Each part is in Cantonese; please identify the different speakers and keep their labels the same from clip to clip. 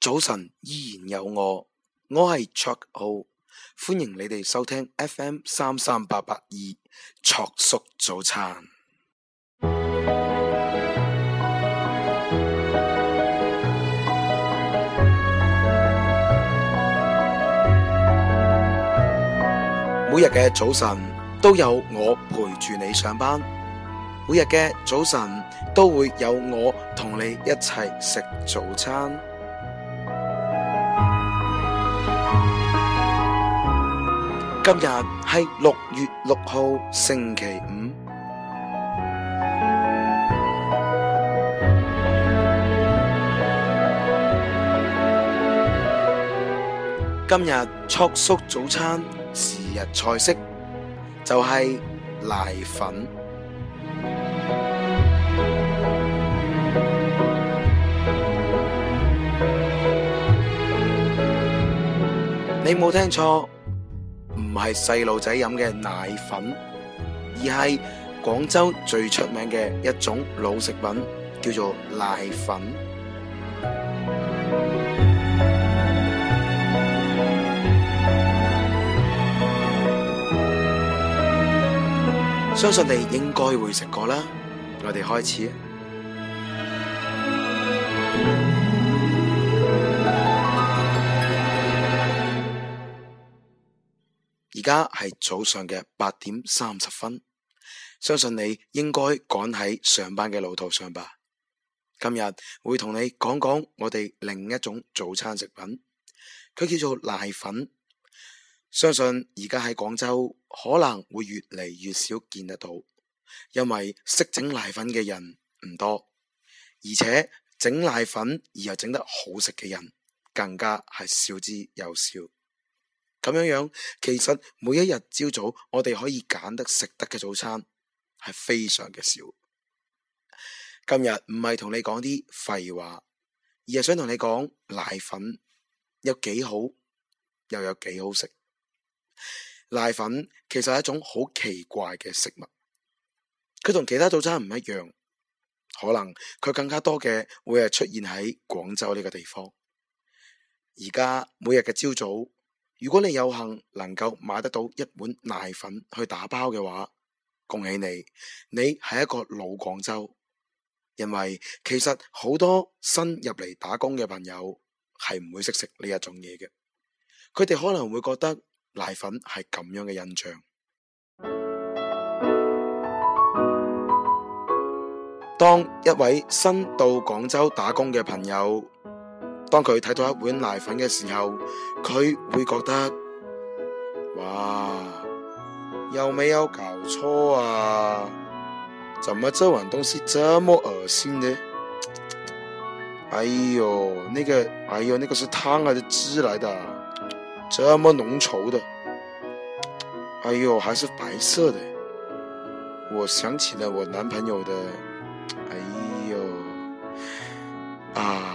Speaker 1: 早晨依然有我，我係卓傲，歡迎你哋收聽 FM 三三八八二卓叔早餐。每日嘅早晨都有我陪住你上班，每日嘅早晨都會有我同你一齊食早餐。今日係六月六號星期五。今日速叔早餐是日菜式就係、是、瀨粉。你冇聽錯。唔係細路仔飲嘅奶粉，而係廣州最出名嘅一種老食品，叫做瀨粉。 相信你應該會食過啦，我哋開始。而家係早上嘅八點三十分，相信你應該趕喺上班嘅路途上吧。今日會同你講講我哋另一種早餐食品，佢叫做瀨粉。相信而家喺廣州可能會越嚟越少見得到，因為識整瀨粉嘅人唔多，而且整瀨粉而又整得好食嘅人更加係少之又少。咁樣樣，其實每一日朝早我哋可以揀得食得嘅早餐係非常嘅少。今日唔係同你講啲廢話，而係想同你講奶粉有幾好，又有幾好食。奶粉其實係一種好奇怪嘅食物，佢同其他早餐唔一樣，可能佢更加多嘅會係出現喺廣州呢個地方。而家每日嘅朝早。如果你有幸能夠買得到一碗奶粉去打包嘅話，恭喜你，你係一個老廣州。因為其實好多新入嚟打工嘅朋友係唔會識食呢一種嘢嘅，佢哋可能會覺得奶粉係咁樣嘅印象。當一位新到廣州打工嘅朋友。當佢睇到一碗奶粉嘅時候，佢會覺得，哇，有冇搞錯啊！怎麼這碗東西這麼噁心呢？哎呦，那個，哎呦，那個是湯還是汁來的？這麼濃稠的，哎呦，還是白色的。我想起了我男朋友的，哎呦，啊。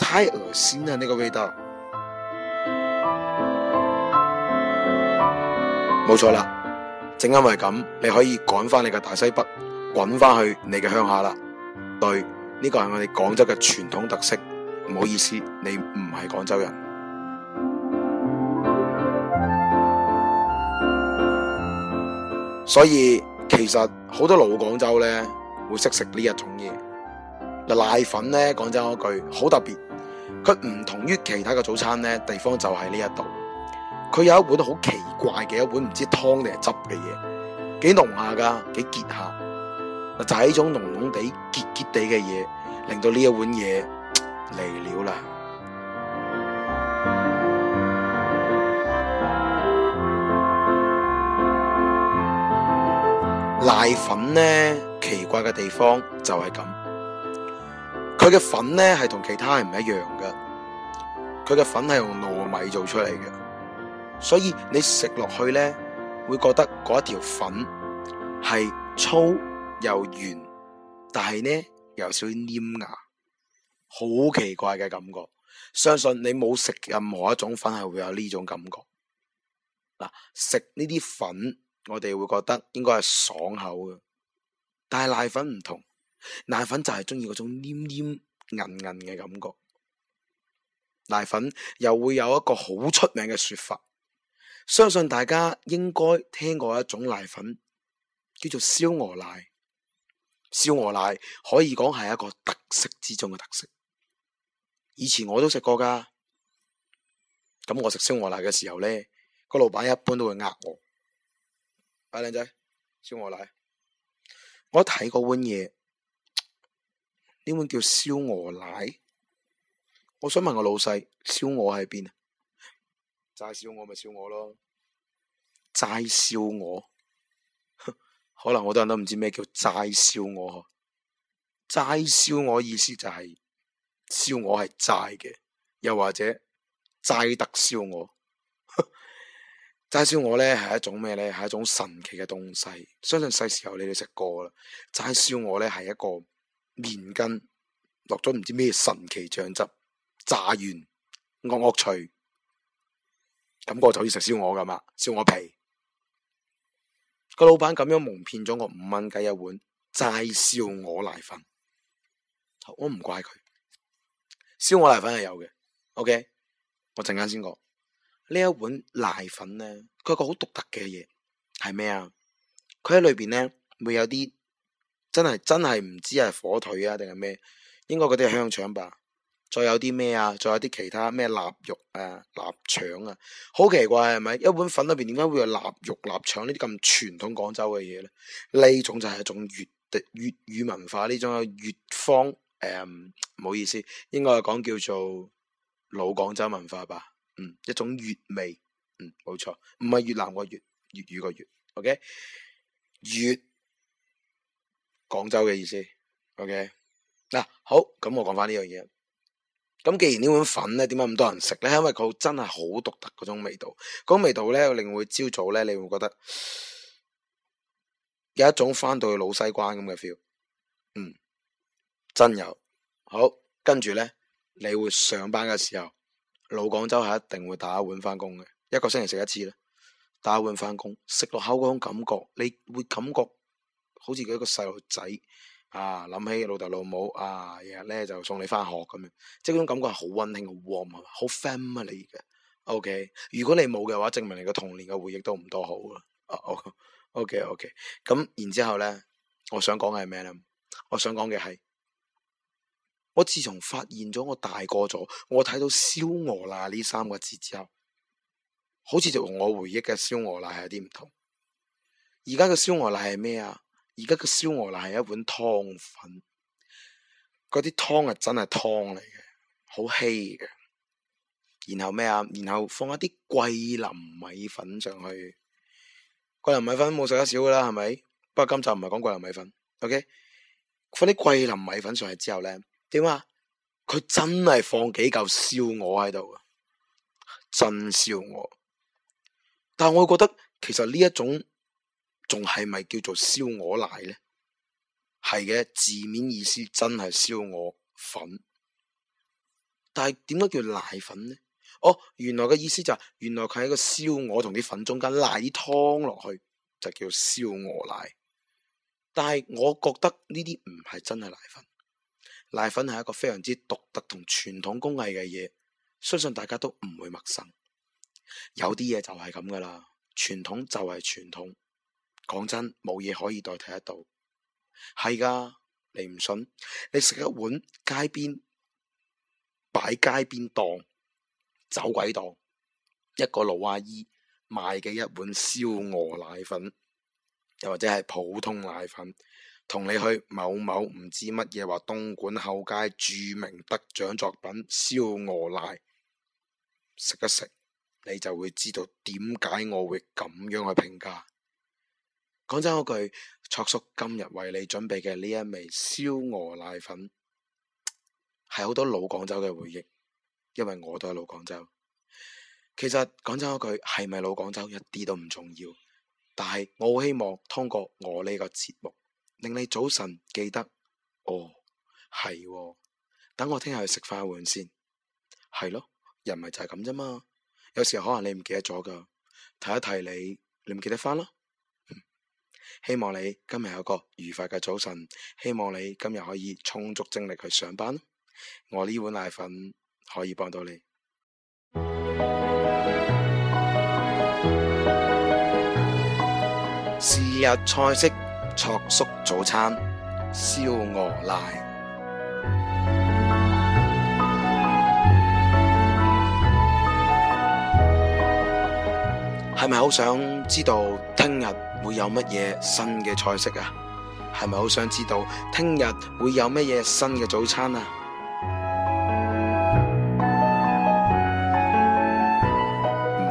Speaker 1: 太惡心啦！呢個味道，冇錯啦，正因為咁，你可以趕翻你嘅大西北，滾翻去你嘅鄉下啦。對，呢個係我哋廣州嘅傳統特色。唔好意思，你唔係廣州人。所以其實好多老廣州呢，會識食呢一種嘢。瀨粉咧，講真嗰句，好特別。佢唔同於其他嘅早餐咧，地方就係呢一度，佢有一碗好奇怪嘅一碗湯，唔知湯定係汁嘅嘢，幾濃下噶幾結下，就係、是、呢種濃濃地、結結地嘅嘢，令到呢一碗嘢嚟了啦。瀨粉咧，奇怪嘅地方就係咁。佢嘅粉呢，係同其他人唔一樣嘅，佢嘅粉係用糯米做出嚟嘅，所以你食落去呢，會覺得嗰一條粉係粗又圓，但係呢，又少黏牙，好奇怪嘅感覺。相信你冇食任何一種粉係會有呢種感覺。嗱，食呢啲粉我哋會覺得應該係爽口嘅，但係瀨粉唔同。奶粉就係鍾意嗰種黏黏、韌韌嘅感覺。奶粉又會有一個好出名嘅說法，相信大家應該聽過一種奶粉，叫做燒鵝奶。燒鵝奶可以講係一個特色之中嘅特色。以前我都食過噶，咁我食燒鵝奶嘅時候呢，個老闆一般都會呃我。喂，靚仔，燒鵝奶，我睇個碗嘢。英文叫燒鵝奶？我想問個老細，燒鵝喺邊啊？齋燒鵝咪燒鵝咯。齋燒鵝，可能好多人都唔知咩叫齋燒鵝。齋燒鵝意思就係燒鵝係齋嘅，又或者齋得燒鵝。齋燒鵝咧係一種咩咧？係一種神奇嘅東西，相信細時候你哋食過啦。齋燒鵝咧係一個。麵筋落咗唔知咩神奇醬汁，炸完，惡惡脆，感覺我就好似食燒鵝咁呀，燒鵝皮，個老闆咁樣蒙騙咗我五蚊雞一碗齋燒鵝瀨粉，我唔怪佢，燒鵝瀨粉係有嘅，OK，我陣間先講，呢一碗瀨粉咧，佢係個好獨特嘅嘢係咩啊？佢喺裏邊咧會有啲。真係真係唔知係火腿啊定係咩？應該嗰啲係香腸吧。再有啲咩啊？再有啲其他咩臘肉啊、臘腸啊，好奇怪係咪？一碗粉裏邊點解會有臘肉、臘腸呢啲咁傳統廣州嘅嘢呢？呢種就係一種粵地粵語文化，呢種嘅粵方誒，唔好意思，應該係講叫做老廣州文化吧。嗯，一種粵味。嗯，冇錯，唔係越南個粵，粵語個粵。OK，粵。廣州嘅意思，OK 嗱、啊、好，咁我講翻呢樣嘢。咁既然呢碗粉咧，點解咁多人食咧？因為佢真係好獨特嗰種味道，嗰種味道咧令會朝早咧，你會覺得有一種翻到去老西關咁嘅 feel，嗯，真有。好，跟住咧你會上班嘅時候，老廣州係一定會打一碗翻工嘅，一個星期食一次啦，打一碗翻工，食落口嗰種感覺，你會感覺。好似佢一個細路仔啊，諗起老豆老母啊，日日咧就送你翻學咁樣，即係嗰種感覺係好温馨嘅 warm 啊，好 family 嚟嘅。OK，如果你冇嘅話，證明你個童年嘅回憶都唔多好啊。OK，OK，咁然之後咧，我想講嘅係咩咧？我想講嘅係，我自從發現咗我大個咗，我睇到燒鵝瀨呢三個字之後，好似就同我回憶嘅燒鵝瀨係有啲唔同。而家嘅燒鵝瀨係咩啊？而家個燒鵝瀨係一碗湯粉，嗰啲湯係真係湯嚟嘅，好稀嘅。然後咩啊？然後放一啲桂林米粉上去，桂林米粉冇食得少噶啦，係咪？不過今集唔係講桂林米粉，OK？放啲桂林米粉上去之後咧，點啊？佢真係放幾嚿燒鵝喺度啊，真燒鵝。但係我會覺得，其實呢一種。仲係咪叫做燒鵝奶呢？係嘅，字面意思真係燒鵝粉。但係點解叫奶粉呢？哦，原來嘅意思就係、是、原來佢係一個燒鵝同啲粉中間奶啲湯落去，就叫燒鵝奶。但係我覺得呢啲唔係真係奶粉。奶粉係一個非常之獨特同傳統工藝嘅嘢，相信大家都唔會陌生。有啲嘢就係咁噶啦，傳統就係傳統。講真，冇嘢可以代替得到，係噶。你唔信？你食一碗街邊擺街邊檔走鬼檔一個老阿姨賣嘅一碗燒鵝瀨粉，又或者係普通瀨粉，同你去某某唔知乜嘢話，東莞厚街著名得獎作品燒鵝瀨。食一食，你就會知道點解我會咁樣去評價。講真嗰句，卓叔今日為你準備嘅呢一味燒鵝瀨粉，係好多老廣州嘅回憶，因為我都係老廣州。其實講真嗰句係咪老廣州一啲都唔重要，但係我好希望通過我呢個節目，令你早晨記得，哦係、哦，等我聽日去食返碗先，係咯、哦，人咪就係咁啫嘛。有時可能你唔記得咗噶，提一提你，你唔記得翻咯。希望你今日有個愉快嘅早晨，希望你今日可以充足精力去上班。我呢碗奶粉可以幫到你。是日菜式，速宿早餐，燒鵝瀨。係咪好想知道？聽日會有乜嘢新嘅菜式啊？係咪好想知道聽日會有乜嘢新嘅早餐啊？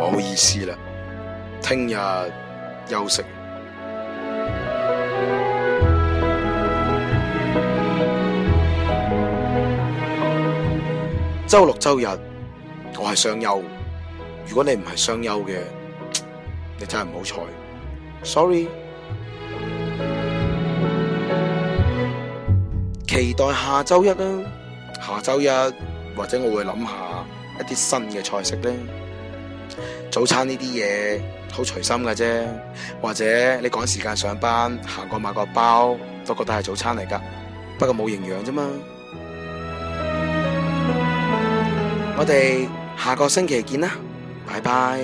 Speaker 1: 唔好意思啦，聽日休息。周六、周日我係雙休。如果你唔係雙休嘅，你真係唔好彩。Sorry，期待下周一啦，下周一或者我會諗下一啲新嘅菜式咧。早餐呢啲嘢好隨心嘅啫，或者你趕時間上班行過買個包都覺得係早餐嚟㗎，不過冇營養啫嘛。我哋下個星期見啦，拜拜。